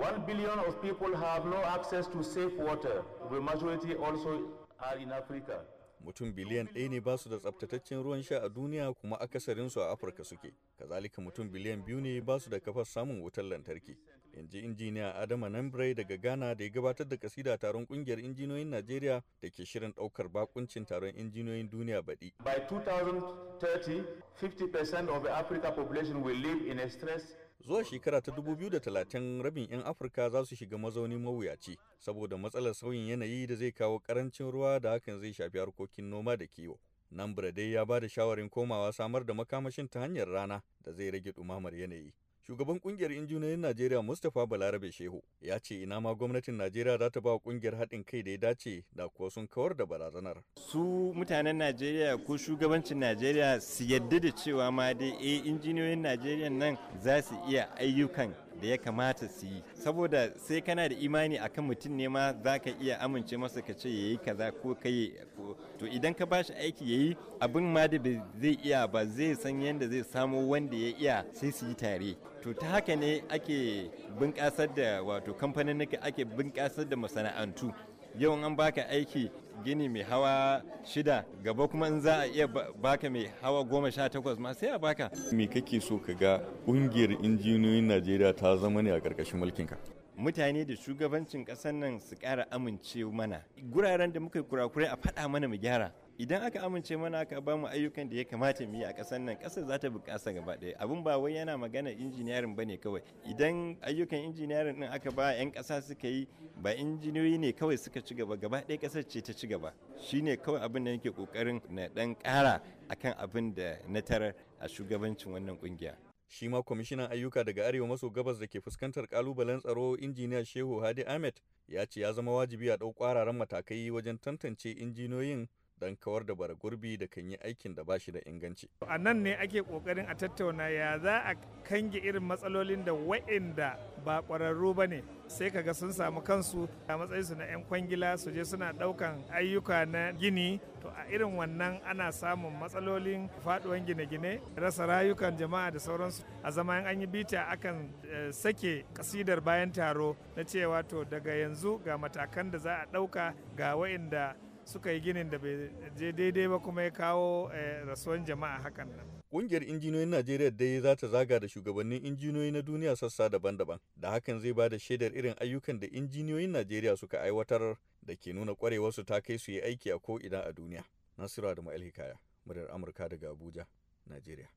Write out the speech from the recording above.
One billion of people have no access to safe water. The majority also are in Africa. Mutum biliyan ɗaya ne ba su da tsabtataccen ruwan sha a duniya kuma akasarinsu a Afirka suke. Kazalika mutum biliyan biyu ne ba su da kafar samun wutar lantarki. Yanzu injiniya Adama Nambre daga Ghana da ya gabatar da kasida taron kungiyar injiniyoyin Najeriya da ke shirin ɗaukar bakuncin taron injiniyoyin duniya baɗi. By 2030, 50% of the Africa population will live in a stress Zuwa shekara ta 2030 rabin 'yan Afirka za su shiga mazauni mawuyaci saboda matsalar sauyin yanayi da zai kawo karancin ruwa da hakan zai shafi harkokin noma da kiwo. Nan dai ya ba da shawarin komawa samar da makamashin ta hanyar rana da zai rage ɗumamar yanayi. Shugaban kungiyar injiniyoyin Najeriya Mustapha Balarabe Shehu ya ce ina ma gwamnatin Najeriya za ta ba kungiyar haɗin kai da ya dace da kuwa sun kawar da barazanar. Su mutanen Najeriya ko shugabancin Najeriya su yadda da cewa ma dai eh injiniyoyin Najeriya nan za su iya ayyukan da ya kamata su yi saboda sai kana da imani akan mutum ne ma za ka iya amince masa ka ce ya yi kaza ko ka yi to idan ka bashi aiki ya yi abin ma da zai iya ba zai san yadda zai samo wanda ya iya sai su yi tare to ta haka ne ake bunƙasar da wato kamfanin ake bunƙasar da masana'antu yau an baka aiki gini mai hawa shida gaba kuma in za a iya baka mai hawa goma sha takwas ma sai a baka. Me kake so ka ga ƙungiyar injiniyoyin Najeriya ta zama ne a ƙarƙashin mulkinka? mutane da shugabancin ƙasar nan su ƙara amince mana guraren da muka yi kurakurai a faɗa mana mu gyara idan aka amince mana aka ba mu ayyukan da ya kamata mu yi a ƙasar nan ƙasar za ta gaba ɗaya abin ba wai yana magana injiniyarin ba ne kawai idan ayyukan injiniyarin din aka ba 'yan ƙasa suka yi ba injiniyoyi ne kawai suka ci gaba gaba ɗaya ƙasar ce ta ci gaba shi ne kawai abin da nake kokarin na ɗan ƙara akan abin da na tara a shugabancin wannan ƙungiya. shi ma kwamishinan ayyuka daga arewa maso gabas da ke fuskantar kalubalen tsaro injiniya shehu hadi ahmed ya ce ya zama wajibi a ɗau ƙwararan matakai wajen tantance injiniyoyin dan kawar da bara gurbi da kan yi aikin da bashi da inganci. A nan ne ake kokarin a tattauna ya za a kange irin matsalolin da wa'inda ba kwararru ba ne sai kaga sun samu kansu a matsayinsu na 'yan kwangila su je suna ɗaukan ayyuka na gini to a irin wannan ana samun matsalolin faɗuwan gine-gine rasa rayukan jama'a da sauransu a zama an yi bita akan eh, sake kasidar bayan taro na cewa to daga yanzu ga matakan da za a ɗauka ga wa'inda suka yi ginin da bai je daidai ba kuma ya kawo eh, rasuwan jama'a hakan nan. Ƙungiyar injiniyoyin Najeriya dai za ta zaga da shugabannin injiniyoyi na duniya sassa daban-daban, da hakan zai ba da shaidar irin ayyukan da injiniyoyin Najeriya suka aiwatar da ke nuna ƙwarewarsu ta kai su yi aiki a ko'ina a duniya. Nasiru Adamu Alhikaya, muryar Amurka daga Abuja, Najeriya.